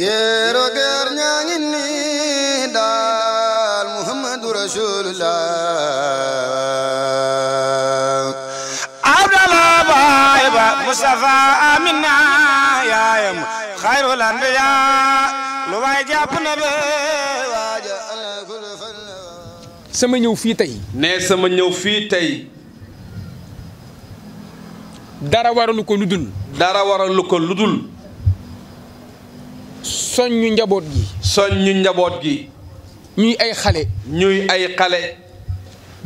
geero geer ñaa ngi nii daal muhammadu rasulullah abdallah baay ba mustafa amina yaayam xayrul anbiya lu waay jàpp na sama ñëw fii tey nee sama ñëw fii tey dara waralu lu ko lu soññu njaboot gi. soññu njaboot gi. ñuy ay xale. ñuy ay xale.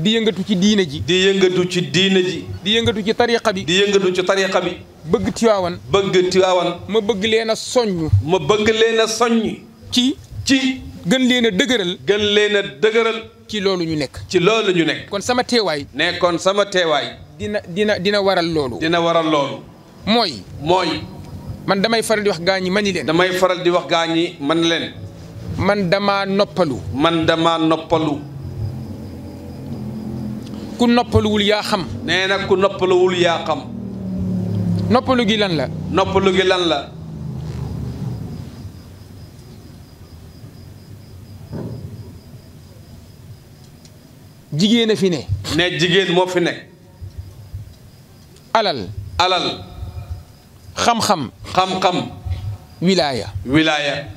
di yëngatu ci diina ji. di yëngatu ci diine di yëngatu ci tariqa bi. di yëngatu ci tariqa bi. bëgg Tiwaawan. bëgg Tiwaawan. ma bëgg leen a soññ. ma bëgg leen a ci ci. gën leen a dëgëral. gën leen a dëgëral. ci loolu ñu nekk. ci loolu ñu nekk. kon sama teewaay. ne kon sama teewaay. dina dina dina waral loolu. dina waral loolu. mooy. mooy. man damay faral di wax gaa ñi ma ni leen. damay faral di wax gaa ñi man leen. man damaa noppalu. man damaa noppalu. ku noppaluwul yaa xam. nee na ku noppaluwul yaa xam. noppalu gi lan la. noppalu gi lan la. jigéen a fi ne. ne jigéen moo fi ne. alal. alal. xam-xam. xam-xam. wilaaya. wilaaya.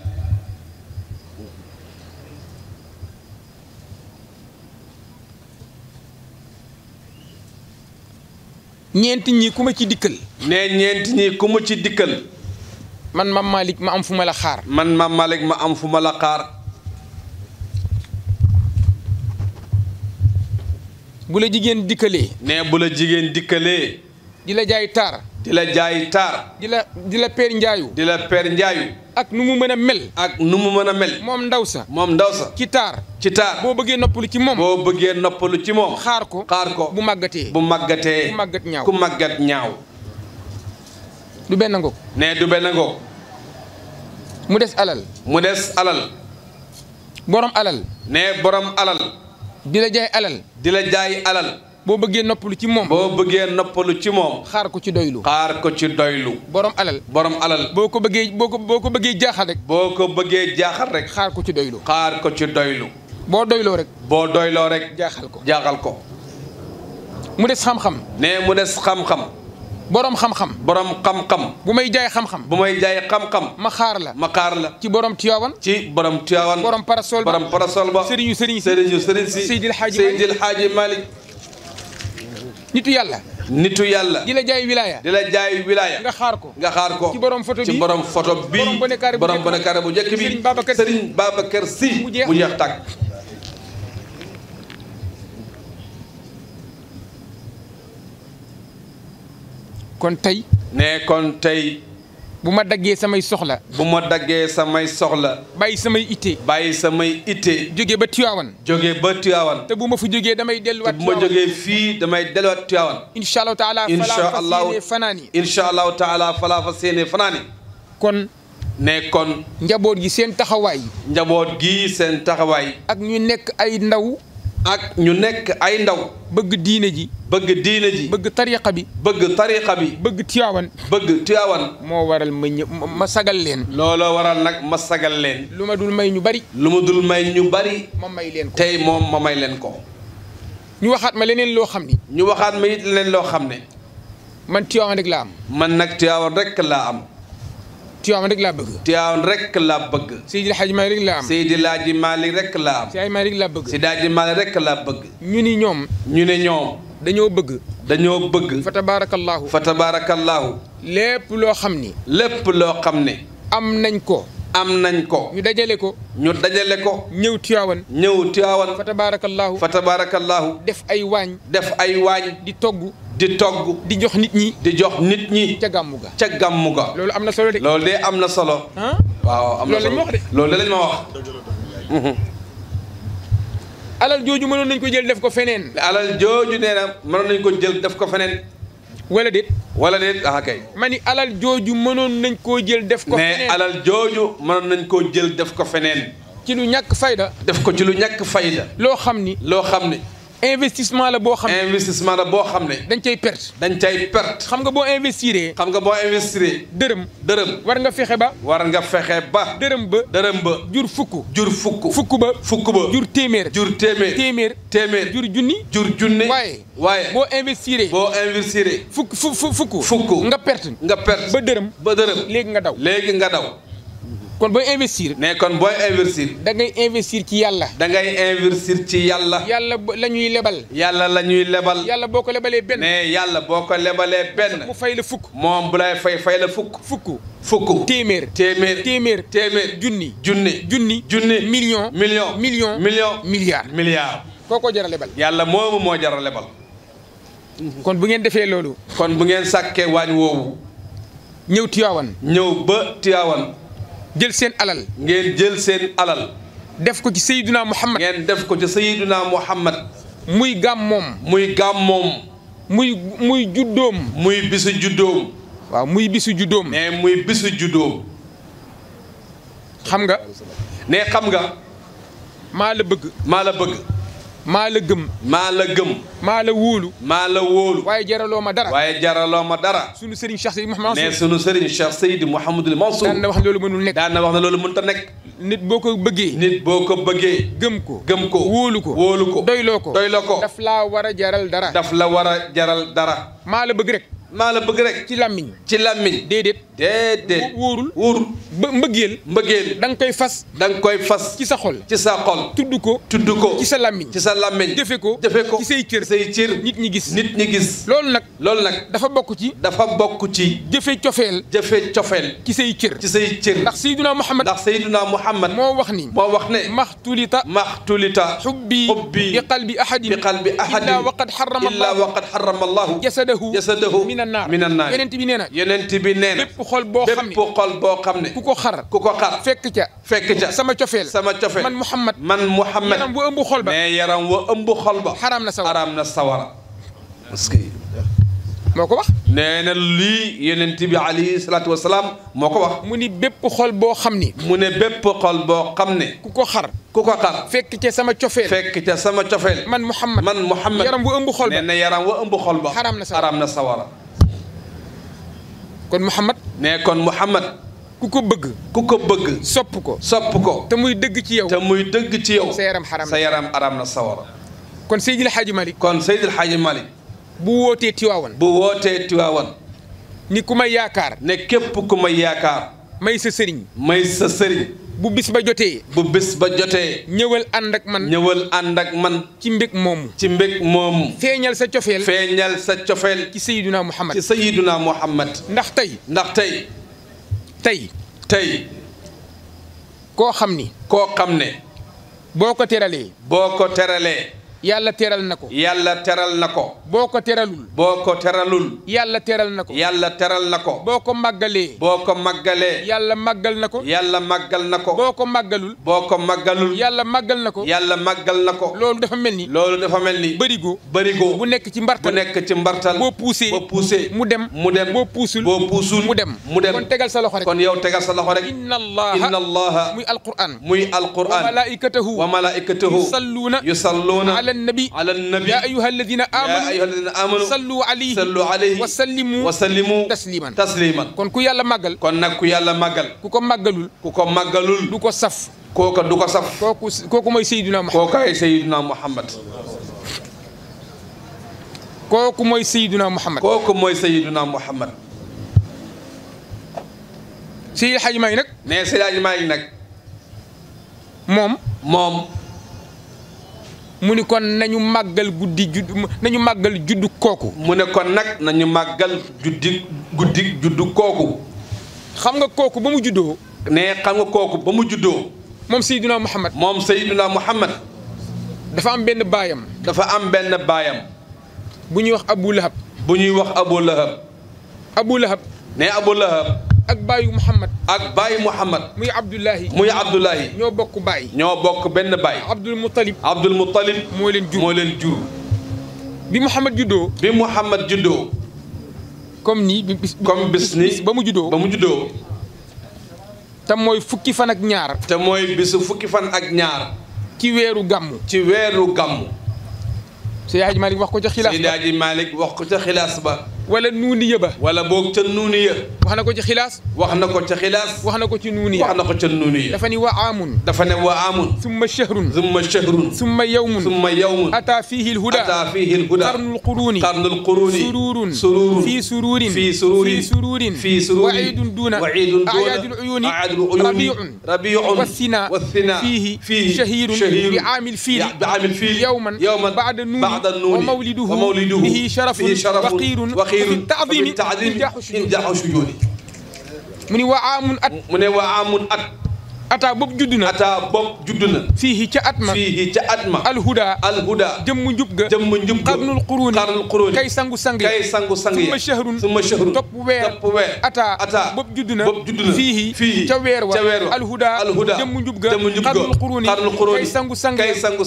ñeenti ñi ku ma ci dikkal. nee ñeenti ñi ku ma ci dikkal. man maam Malick ma am fu ma la xaar. man maam ma am fu ma la xaar. bu la jigéen dikkalee. ne bu la jigéen dikkalee. di la jaay taar. di la jaay taar. di la di la peer njaayu. di la per njaayu. ak nu mu mën a mel. ak nu mu mën a mel. moom ndaw sax moom ndaw sax ci taar. ci taar boo bëggee noppalu ci moom. boo bëggee noppalu ci moom. xaar ko xaar ko bu màggatee. bu màggatee ku màggat ñaaw ku màggat ñaaw. du benn ngoog. nee du benn ngoog. mu des alal. mu des alal. borom alal. ne borom alal. di la jaay alal. di la jaay alal. boo bëggee noppalu ci moom. boo bëggee noppalu ci moom. xaar ko ci doylu. xaar ko ci doylu. borom alal. borom alal. boo ko bëggee boo ko boo ko bëggee jaaxal rek. boo ko bëggee jaaxal rek. xaar ko ci doylu. xaar ko ci doylu. boo doyloo rek. boo doyloo rek. jaaxal ko jaaxal ko. mu des xam-xam. nee mu des xam-xam. borom xam-xam. borom xam-xam. bu may jaay xam-xam. bu may jaay xam-xam. ma xaar la ma xaar la. ci borom Tiwaawan. ci borom Tiwaawan. borom parasol ba borom parasol ba. sëriñu sëriñ si sëriñu sëriñ si. Seydil Hadji Malick Seydil Hadji Malick nitu yàlla. nitu yàlla. di la jaay wilaya. la jaay wilaya. nga xaar ko nga xaar ko. ci borom photo bi ci borom photo bi borom bonekaare bu njëkk bi Serigne Babacar si Serigne Babacar si mu jeex tàkk. kon tey. ne kon tey. bu ma daggee samay soxla. bu ma daggee samay soxla. bàyyi samay ittee. bàyyi samay ittee. jóge ba Tiwaawan. jóge ba Tiwaawan. te bu ma fi jógee damay delluwaat. te bu fii damay delluwaat Tiwaawan. incha allahu taala falaa fa seenee fanaani. incha allahu taala falaa fa seenee kon. ne kon. njaboot gi seen taxawaay. njaboot gi seen taxawaay. ak ñu nekk ay ndaw. ak ñu nekk ay ndaw. bëgg diine ji. bëgg diine ji. bëgg tariixa bi. bëgg tariqa bi. bëgg Tiwaawan. bëgg Tiwaawan. moo waral ma ñë ma sagal leen. looloo waral nag ma sagal leen. lu ma dul may ñu bari. lu ma dul may ñu bari. ma may leen ko tey moom ma may leen ko. ñu waxaat ma leneen loo xam ne ñu waxaat ma it leneen loo xam ne. man Tiwaawan rek laa am. man nag Tiwaawan rek laa am. Tiwaawan rek laa bëgg. Tiwaawan rek laa bëgg. Seydi Hadji Malick rek laa am. Seydi Hadji Malick rek laa am. Seydi Hadji Malick rek laa bëgg. Seydi Hadji Malick rek laa bëgg. ñu ni ñoom. ñu ni ñoom. dañoo bëgg. dañoo bëgg. fa tabaarakallaahu. fa tabaarakallaahu. lépp loo xam ni. lépp loo xam ne. am nañ ko. am nañ ko. ñu dajale ko. ñu dajale ko. ñëw Tiwaawan. ñëw Tiwaawan. fa tabaarakallaahu. fa tabaarakallaahu. def ay waañ. def ay waañ. di togg. di togg di jox nit ñi di jox nit ñi ca gàmmu ga ca gàmmu ga loolu am na solo de loolu de am na solo waaw am na solo loolu lañ ma wax mhm. alal jooju mënoon nañ ko jël def ko feneen alal jooju nee mënoon nañ ko jël def ko feneen wala déet wala déet ah ma ni alal jooju mënoon nañ koo jël def ko alal jooju mënoon nañ koo jël def ko feneen ci lu ñàkk fayda def ko ci lu ñàkk fayda loo xam ni loo xam ni investissement la boo xam ne investissement la boo xam ne. dañ cay perte. dañ cay perte. xam nga boo investiree. xam nga boo investiree. dërëm dërëm. war nga fexe ba. war nga fexe ba. dërëm ba dërëm ba. jur fukk. jur fukk. fukk ba fukk ba. jur téeméer. jur téeméer téeméer. téeméer jur junni. jur junni waaye. waaye boo investiree. boo investiree. fukk fu fukk. nga perte. nga perte ba dërëm. ba dërëm léegi nga daw. léegi nga daw. kon booy investir. ne kon booy investir. da ngay investir ci yàlla. dangay investir ci yàlla. yàlla la ñuy lebal. yàlla la ñuy lebal. yàlla boo ko lebalee benn. ne yàlla boo ko lebalee benn. mu fay la fukk. moom bu lay fay la fukk. fukk. fukk téeméer téeméer téeméer téeméer junni junni junni million million million million milliard milliard koo ko jara lebal yàlla moomu moo jara lebal kon bu ngeen defee loolu kon bu ngeen sàkkee waañ woowu ñëw Tiwaawan ñëw ba Tiwaawan jël seen alal. ngeen jël seen alal. def ko ci Seydina Muhammad. ngeen def ko ci Seydina Muhammad. muy gàmmoom. muy gàmmoom. muy muy juddoom. muy bisu juddoom. waaw muy bisu juddoom. muy bisu juddoom. xam nga. ne xam nga. maa la bëgg. maa la bëgg. maa la gëm maa la gëm maa la wóolu maa la wóolu waaye jaraloo ma dara waaye jaraloo ma dara sunu sëriñ Cheikh Seydi Mouhamed Mansour ne sunu sëriñ Cheikh Seydi Mouhamadul Mansour daan na wax ne loolu mënul nekk daan na wax ne loolu mënut a nekk nit boo ko bëggee nit boo ko bëggee gëm ko gëm ko wóolu ko wóolu ko doyloo ko doyloo ko daf laa war a jaral dara daf la war a jaral dara maa la bëgg rek maa la bëgg rek. ci làmmiñ ci làmmiñ déedéet. déedéet wóorul wóorul. ba mbëggeel. mbëggeel da nga koy fas. dang koy fas. ci sa xol ci sa xol. tudd ko tudd ko. ci sa làmmiñ ci sa làmmiñ. jëfe ko jëfe ko ci say cër say cër. nit ñi gis nit ñi gis. loolu nag. loolu nag dafa bokk ci. dafa bokk ci. jëfe cofeel. jëfe cofeel. ci say cër. ci sa cër. ndax Seydina Muhammad. ndax Seydina Muhammad. moo wax ni. moo wax ne. maxtulita. maxtulita. xubbi xubbi. bi qalbi ahadin. bi qalbi ahadin. illaa waqad xarrama minan naar minan naar yonent bi nee na yonent bi nee na bépp xol boo xam ne bépp xol boo xam ne ku ko xar ku ko xar fekk ca fekk ca sama cofeel sama cofeel man Muhammad man Muhammad yaram wa ëmb xol ba mais yaram wa ëmb xol ba xaraam na sawara xaraam na sawara parce que moo ko wax nee na lii yonent bi alayhi salaatu wasalaam moo ko wax mu ni bépp xol boo xam ni mu ne bépp xol boo xam ne ku ko xar ku ko xar fekk ca sama cofeel fekk ca sama cofeel man Muhammad man Muhammad yaram wa ëmb xol ba nee na yaram wa ëmb xol ba xaraam na sawara kon Mouhamad. ne kon Mouhamad. ku ko bëgg. ku ko bëgg. sopp ko sopp ko. te muy dëgg ci yow te muy dëgg ci yow. sa yaram na sa yaram xaram na sawara. kon Seydil Hadji Malick. kon Seydil Hadji Malick. bu wootee Tiwaawan. bu wootee Tiwaawan. ni ku may yaakaar. ne képp ku may yaakaar. may sa sëriñ. may sa sëriñ. bu bis ba jotee. bu bis ba jotee. ñëwal ànd ak man. ñëwal ànd ak man. ci mbég moomu. ci mbég moomu. feeñal sa cofeel. feeñal sa cofeel. ci Sayyiduna Muhammad. ci Sayyiduna Muhammad. ndax tey. ndax tey. tey. tey. koo xam ni. koo xam ne. boo ko teralee. boo ko teralee. yàlla teral na ko. yàlla teral na ko. boo ko teralul. boo ko teralul. yàlla teral na ko. yàlla teral na ko. boo ko màggalee. boo ko màggalee. yàlla màggal na ko. yàlla màggal na ko. boo ko màggalul. boo ko màggalul. yàlla màggal na ko. yàlla màggal na ko. loolu dafa mel ni. loolu dafa mel ni. bërigo. bërigo bu nekk ci mbartal. bu nekk ci mbartal. boo poussé. boo poussé mu dem. mu dem boo puusul. boo puusul mu dem. mu dem kon tegal sa loxo rek. kon yow tegal sa loxo rek. inna allah inna allah. muy alquran. muy alquran. wa malaikatahu. wa malaikatahu. yusalluuna. yusalluuna. على النبي على النبي يا أيها الذين آمنوا يا أيها الذين آمنوا صلوا عليه صلوا عليه وسلموا وسلموا تسليما تسليما kon ku yàlla màggal kon nag ku yàlla màggal ku ko màggalul ku ko màggalul du ko saf kooka du ko saf kooku kooku mooy Seydina Muhammad kooka ay Seydina Muhammad kooku mooy Seydina Muhammad kooku mooy Seydina Muhammad Seydi Hadji Malick nag nee Seydi Hadji Malick nag moom moom mu ni kon nañu màggal guddi judd nañu màggal judd kooku. mu ne kon nag nañu màggal juddi guddi judd kooku. xam nga kooku ba mu juddoo. ne xam nga kooku ba mu juddoo. moom Seydina Muhammad. moom Seydina Muhammad. dafa am benn baayam. dafa am benn baayam. bu ñuy wax Abu Lahab. bu ñuy wax Abu Lahab. Abu Lahab. ne Abu Lahab. ak baayu Mouhamad. ak baayu Mouhamad. muy Abdullahi. muy Abdullahi. ñoo bokk baay. ñoo bokk benn baay. Abdul Muttalib. Abdul moo leen jur moo leen jur. bi Mouhamad juddoo. bi Mouhamad juddoo. comme ni ba mu juddoo. ba mu juddoo. mooy fukki fan ak ñaar. te mooy bisu fukki fan ak ñaar. ci weeru gàmmu. ci weeru gàmmu. Seydi Hadji Malick wax ko ca xilaas ba Seydi ba. wala nuuniya ba wala boog ca nuuniya wax na ko ci xilaas wax na ko ca xilaas wax na ko ci nuuniya wax na ko ca nuuniya dafa ni wa aamun dafa ne wa aamun summa shahrun summa shahrun summa yawmun summa yawmun ata fihi lhuda ata fihi lhuda qarnul quruni qarnul quruni sururun sururun fi sururin fi sururin fi sururin fi sururin waidun duna waidun duna ayadul uyuni ayadul uyuni rabiun rabiun wasina wasina fihi fihi shahirun bi aamil fiili bi aamil fiili yawman yawman ba'da nuuni ba'da nuuni wa mawliduhu bihi sharafun waqirun xayrun taadimi taadimi in jaaxaw sujooni mu ni waa amun at mu ne waa amun at ataa bopp judd na ataa na fii ca at ma fii ma alhuda alhuda jëmm njub ga jëmm njub ga xarnul quruuni xarnul quruuni kay sangu sang kay sangu sang ya suma shahrun suma shahrun topp weer topp weer ataa ataa bopp na bopp fii fii weer wa ca weer wa alhuda alhuda jëmm njub ga jëmm njub ga xarnul quruuni xarnul quruuni kay sangu sang kay sangu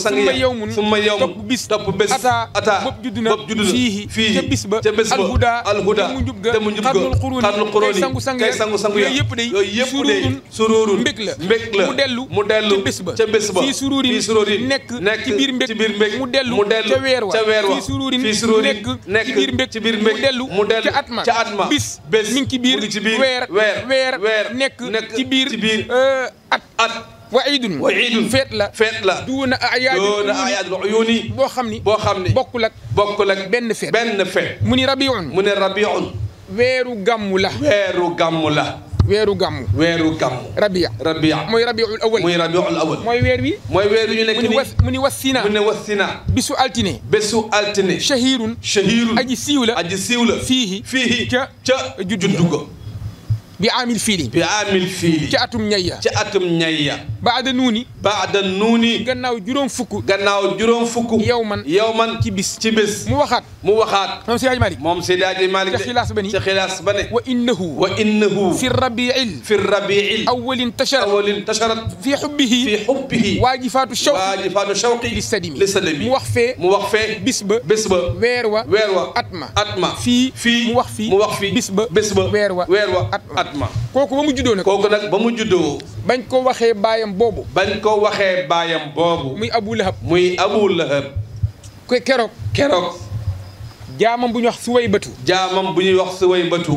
na bopp fii fii ca bis ba ca bés ba alhuda alhuda jëmm njub ga jëmm njub yëpp day yooyu yëpp sururun sururun mbég la mu dellu mu dellu ca bés ba ca bés ba fii suruur yi nekk nekk ci biir mbég ci biir mbég mu dellu mu dellu ca weer wa ca weer wa fii suruur yi nekk nekk ci biir mbég ci biir mbég mu dellu mu dellu ca at ma ca at ma bis bés mi ngi ci biir ci biir weer weer weer weer nekk nekk ci biir ci biir euh, at at wa iidun wa iidun feet la feet la duuna ayaadil uyuuni boo xam ni boo xam ni bokkul ak bokkul ak benn feet benn feet mu ni rabiun mu ne rabiun weeru gàmmu la weeru gàmmu la weeru gàmm weeru gàmm rabia rabia mooy rabiul awal mooy rabiul awal mooy weer wi mooy weer wi ñu nekk nii mu ni wassina mu ne wassina bisu altine bésu altine shahirun shahirun aji siiw la aji siiw la fiihi fiihi ca ca juddu ko bi amil fiili bi amil fiili ci atum ñayya ci atum ñayya baada nuuni baada nuuni gannaaw juróom fukk gannaaw juróom fukk yow man yow man ci bis ci bis mu waxaat mu waxaat moom Seydi Malick moom Seydi Malick ci xilaas ba ne ci xilaas ba ne wa innahu wa innahu fi rabiil fi rabiil awwal intashar awwal intashar fi hubbihi fi hubbihi waajifaatu shawqi waajifaatu shawqi li sadimi li sadimi mu wax fee mu wax fee bis ba bis ba weer wa weer wa atma atma fii fii mu wax fii mu wax fii bis ba bis ba weer wa weer wa atma at kooku ba mu juddoo nag kooku nag ba mu juddoo bañ koo waxee baayam boobu bañ koo waxee baayam boobu muy abu lahab muy abu lahab ko keroog keroog jaamam bu ñuy wax suway bëtu jaamam bu ñuy wax suway batu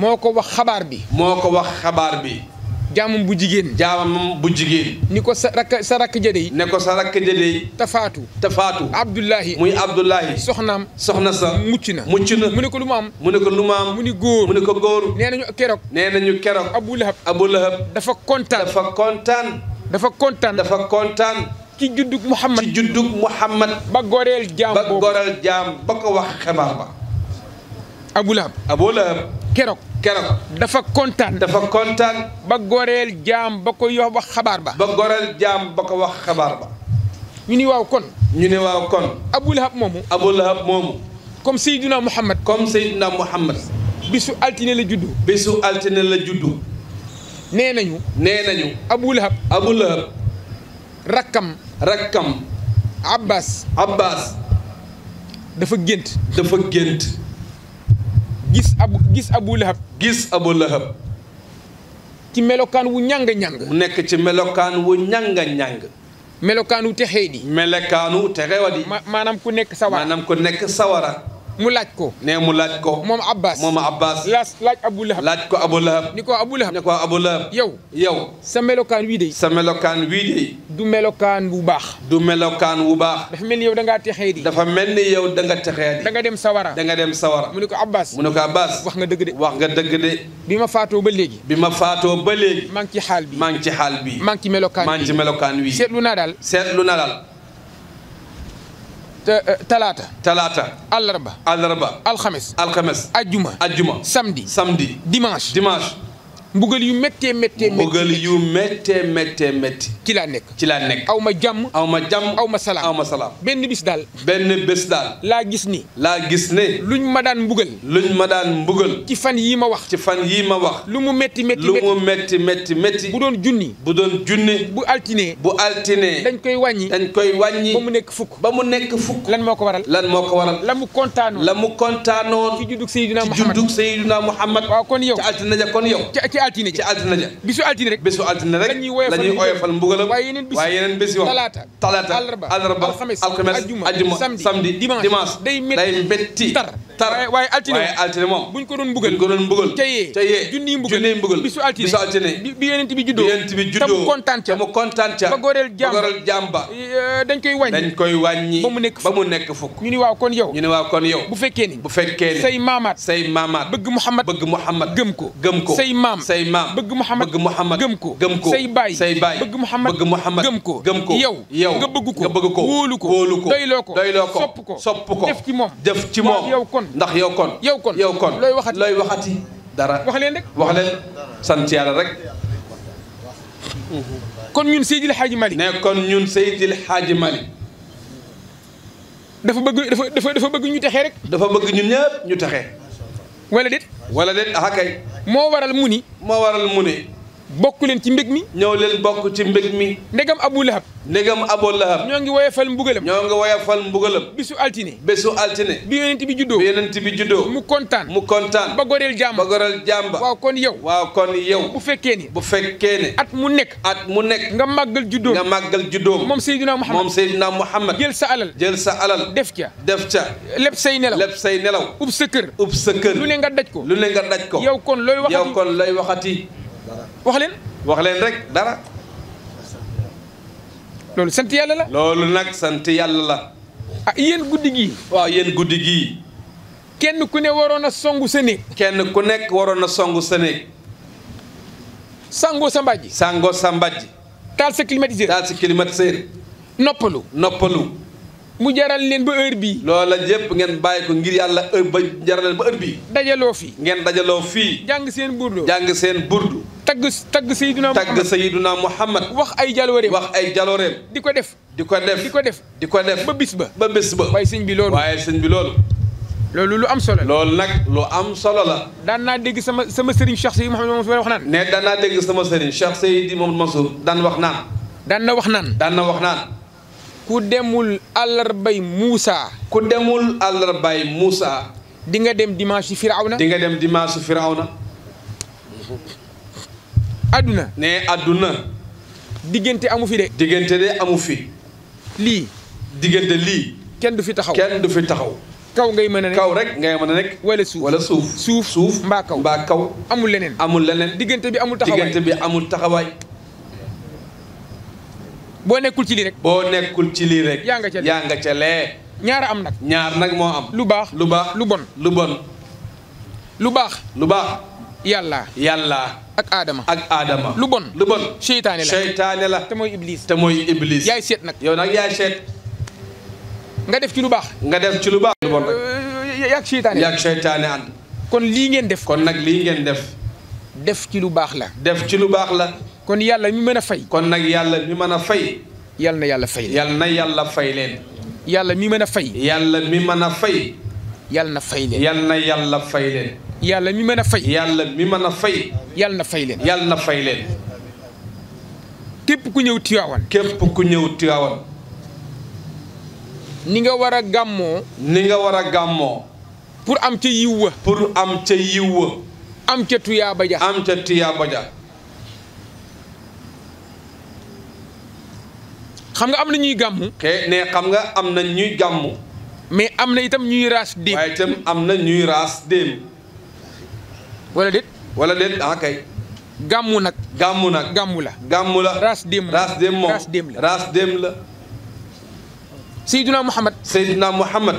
moo ko wax xabaar bi moo ko wax xabaar bi jaamam bu jigéen jaamam bu jigéen ni ko sa rakk sa rakk jëdey ne ko sa rakk jëdey tafaatu tafaatu abdullahi muy abdullahi soxnaam soxna sa mucc na mucc na mu ne ko lu ma am mu ne ko lu mu ni góor mu ne ko góor nee nañu keroog nee nañu keroog abu lahab abu lahab dafa kontan dafa kontaan dafa kontaan dafa kontaan ci juddug Muhammad ci juddug Muhammad ba goreel jaam ba ba ko wax xabaar ba abu lahab abu lahab keroog keroog dafa kontaan. dafa kontaan. ba goreel jaam ba ko wax xabaar ba. ba goreel jaam ba ko wax xabaar ba. ñu ni waaw kon. ñu ne waaw kon. Abu Lahab moomu. Abu Lahab moomu. comme Seydina Muhammad. comme Seydina Muhammad. bisu altine la juddu. bisu altine la juddu. nee nañu. nee nañu. Abu Lahab. Abu Lahab. rakkam. rakkam. Abbas. Abbas. dafa gént. dafa gént. gis abu gis abu lahab gis abu lahab ci melokaan wu ñàng-ñàng mu nekk ci melokaan wu ñàng-ñàng melokaanu texee di melokaanu texee wa di maanaam ku nekk sawara maanaam ku nekk sawara mu laaj ko ne mu laaj ko moom Abbas moom Abbas laaj laaj Abu Lahab laaj ko Abu Lahab ni ko Abu Lahab ni ko Abu yow yow sa melokaan wii de sa melokaan wii de du melokaan bu baax du melokaan wu baax dafa mel ni yow da ngaa texee dafa mel ni yow da nga texee di dem sawara da dem sawara mu ni ko Abbas mu ni ko Abbas wax nga dëgg de wax nga dëgg de bi ma faatoo ba léegi bi ma faatoo ba léegi maa ci xaal bi maa ngi ci xaal bi maa ci melokaan maa ngi ci melokaan wii seetlu naa daal seetlu naa daal Eh, talaata. talaata. àllarba. àllarba. alxames. alxames. ajjuma. ajjuma. samedi. samedi. dimanche. dimanche. mbugal yu méttee méttee mbugal yu méttee méttee métti ci laa nekk ci laa nekk aw ma jàmm aw ma jàmm aw ma salaam aw benn bis daal benn bés daal laa gis ni laa gis ne luñ ma daan mbugal luñ ma daan mbugal ci fan yii ma wax ci fan yii ma wax lu mu métti métti lu mu métti métti bu doon junni bu doon junni bu altine bu altinee dañ koy wàññi dañ koy wàññi ba mu nekk fukk ba mu nekk fukk lan moo ko waral lan moo ko waral la mu kontaanoon la mu kontaanoon ci juddug Seydina Muhammad ci juddug Seydina Muhammad waaw kon yow ci altina kon yow altine ji ci altine ja bisu altine rek bisu altine rek la ñuy woyofal mbugalam waaye yeneen bis waaye yeneen bis yoo talaata talaata àllarba alxames alxames ajjuma samedi samedi dimanche day métti tar tara waaye altine waaye altine moom buñ ko doon mbugal buñ ko doon mbugal ca yee ca yee junniy mbugal junniy mbugal bisu altine bisu altine bi yonent bi juddoo yonent bi juddoo te mu kontaan ca mu kontaan ca ba goreel jàmm ba goreel jàmm ba eh, dañ koy wàññi dañ koy wàññi ba mu nekk ba mu nekk fukk ñu ni waaw kon yow ñu ni waaw kon yow bu fekkee ni bu fekkee ni say maamaat say maamaat bëgg Muhammad bëgg Muhammad gëm ko gëm ko say maam say maam bëgg Muhammad bëgg Muhammad gëm ko gëm ko say baay say baay bëgg Muhammad bëgg Muhammad gëm ko gëm ko yow yow nga bëgg ko nga bëgg ko wóolu ko wóolu ko doyloo ko doyloo ko sopp ko sopp ko def ci moom def ci moom yow kon ndax yow kon. yow kon yow kon looy waxati looy waxati dara. wax leen rek wax leen sant rek. kon ñun Seydil Hadji Malick. ne kon ñun Seydil Hadji Malick. dafa bëgg bëgg ñu texee rek. dafa bëgg ñun ñëpp ñu taxe wala déet. wala déet ah moo waral mu ni. moo waral mu ni. bokk leen ci mbég mi ñëw leen bokk ci mbég mi ndegam abu lahab ndegam abu lahab ñoo ngi woyofal fal ñoo ngi woyofal mbugalam bisu altine bésu altine bi yonent bi juddoo bi yonent bi juddoo mu kontaan mu kontaan ba goreel jàmba ba goreel jàmba waaw kon yow waaw kon yow bu fekkee ni bu fekkee ne at mu nekk at mu nekk nga màggal juddoo nga màggal juddoo moom Seydina Muhammad moom Seydina Muhammad jël sa alal jël sa alal def ca def ca lépp say nelaw lépp say nelaw ub sa kër ub sa kër lu ne nga daj ko lu ne nga daj ko yow kon looy waxati yow kon wax leen wax leen rek dara loolu sant yàlla la loolu nag sant yàlla la ah yéen guddi gii waaw yéen guddi gii kenn ku ne waroon a songu sa néeg kenn ku nekk waroon a songu sa néeg sangoo sa mbàjj sangoo sa mbàjj taal sa climatiseur taal noppalu noppalu mu jaral leen ba heure bii loola yëpp ngeen bàyyi ko ngir yàlla heure ba jaral leen ba heure bii dajaloo fii ngeen dajaloo fii jàng seen burdu jàng seen burdu tagg tagg Seydina Muhammad tagg Seydina Muhammad wax ay jalooreem wax ay jalooreem di ko def di ko def di ko def di ko def ba bis ba ba bis ba waaye sëñ bi loolu waaye sëñ bi loolu loolu lu am solo loolu nag lu am solo la daan naa dégg sama sama sëriñ Cheikh Seydi Mouhamed Mansour wax naan ne daan naa dégg sama sëriñ Cheikh Seydi Mouhamed Mansour daan wax naa daan wax naan wax naan ku demul àllarbay Moussa. ku demul àllarbay Moussa. di nga dem dimanche Firawna. di nga dem dimanche Firawna. adduna. ne adduna. diggante amu fi de. diggante de amu fi. lii. diggante lii. kenn du fi taxaw kenn du fi taxaw. kaw ngay mën a nekk kaw rek ngay mën ne nekk. wala suuf wala suuf. suuf suuf mbaa kaw mbaa kaw. amul leneen amul leneen. diggante bi amul taxawaay diggante bi amul taxawaay. boo nekkul ci lii rek. boo nekkul ci lii rek. yaa nga ca yaa lee. ñaara am nag. ñaar nag moo am. lu baax lu baax lu bon lu bon. lu baax. lu baax. yàlla. yàlla. ak aadama ak aadama lu bon lu bon. seytaane la seytaane la. te mooy iblis te mooy iblis. yaay seet nag yow nag yaay seet. nga def ci lu baax. nga def ci lu baax. lu bon nag yaag seytaane yaag kon lii ngeen def. kon nag lii ngeen def. def ci lu baax la. def ci lu baax la. kon yàlla mi mën a fay. kon nag yàlla mi mën a fay. yàlla na yàlla fay leen. yàlla na yàlla fay leen. yàlla mi mën a fay. yàlla mi mën a fay. yàlla na fay leen. yàlla na yàlla fay leen. yàlla mi mën a fay. yàlla mi mën a fay. yàlla na fay leen. yàlla na fay leen. képp ku ñëw Tiwaawan. képp ku ñëw Tiwaawan. ni nga war a gàmmoo. ni nga war a gàmmoo. pour am ca yiw wa. pour am ca yiw wa. am ca tuyaaba ja. am ca tuyaaba ja. xam nga am na ñuy gàmmu. ne xam nga am na ñuy gàmmu. mais am na itam ñuy raas déem. waaye itam am na ñuy raas déem. wala wala déet ah kay. gàmmu nag. gàmmu nag gàmmu la. gàmmu la raas déem. raas déem moom raas déem la raas déem la. Seydina Muhammad. Seydina Muhammad.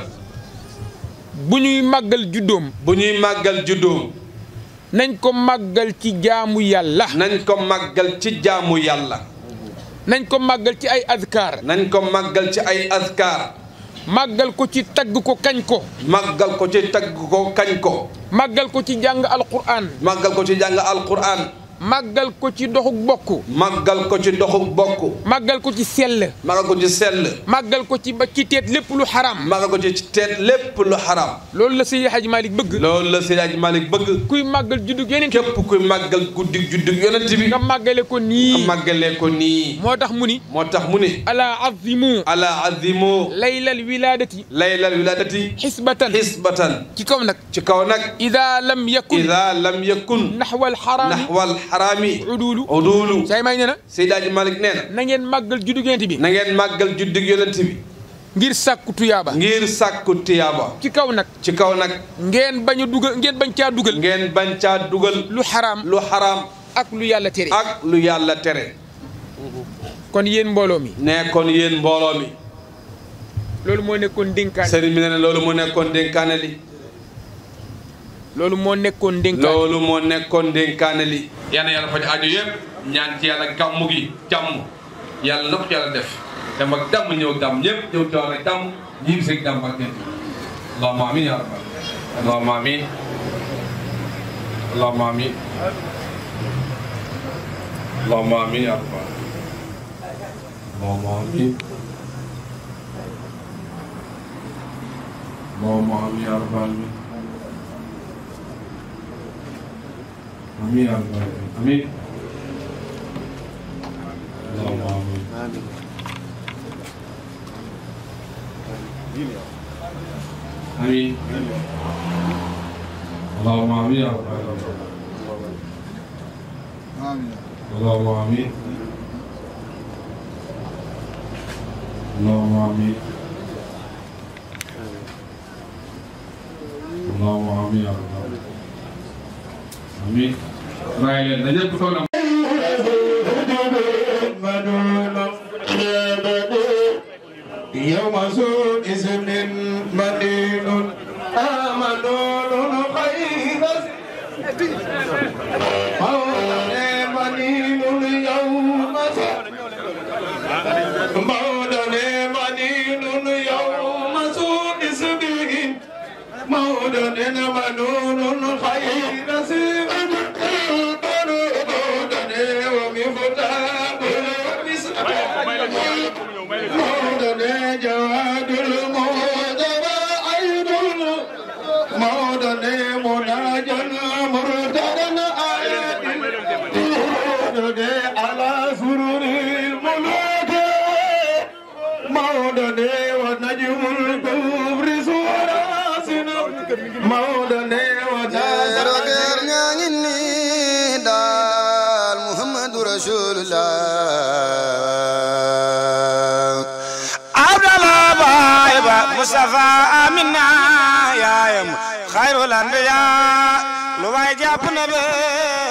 bu ñuy màggal juddoom. bu ñuy màggal juddoom. nañ ko màggal ci jaamu yàlla. nañ ko màggal ci jaamu yàlla. nañ ko màggal ci ay azkar nañ ko maggal ci ay azkar màggal ko ci tagg ko kañ ko màggal ko ci tagg ko kañ ko màggal ko ci jàng alquran màggal ko ci jàng alquran màggal ko ci doxuk bokk. màggal ko ci doxuk bokk. màggal ko ci sell. màggal ko ci sell. màggal ko ci ba ci teet lépp lu xaraam. màggal ko ci teet lépp lu xaraam. loolu la Seydi Hadji Malick bëgg. loolu la Seydi Hadji Malick bëgg. kuy màggal juddug yeneen. képp kuy màggal guddig juddug yeneen bi. nga màggale ko nii. nga màggale ko nii. moo tax mu ni. moo tax mu ni. ala azimu. ala azimu. laylal wilaadati. laylal wilaadati. xisbatan. xisbatan. ci kaw nag. ci kaw nag. idaa lam yakun. idaa lam yakun. naxwal xaraam. naxwal xaraami udulu udulu say may nee na Seydaaji na na ngeen màggal juddug yonent bi na ngeen màggal juddug yonent bi ngir sàkku tuyaaba ngir sàkku tuyaaba ci kaw nag ci kaw nag ngeen bañ a dugal ngeen bañ caa dugal ngeen bañ caa dugal lu xaraam lu xaraam ak lu yàlla tere ak lu yàlla tere kon yéen mbooloo mi ne kon yéen mbooloo mi loolu moo nekkoon dénkaane sëriñ bi ne ne loolu moo nekkoon dénkaane li loolu moo nekkoon ndénkaane nekkoon ndénkaane li yal na yàlla faj aajo yëpp ñaan ci yàlla gàmm gi jàmm yàlla na ko yàlla def dem ak dàmm ñëw dàmm ñëpp ñëw teewaat ak dàmm ñii bi sëg dàmm ak amin ya rabbal amin yaa rabbal aalamiin amin allahumma amin amin allahumma amin yaa rabbal aalamiin allahumma amin اللهم آمين اللهم آمين يا رب ñuy raay leen na ñëpp toog na Mustafa Amina yaayam xayrul anbiya lu waay jàpp na be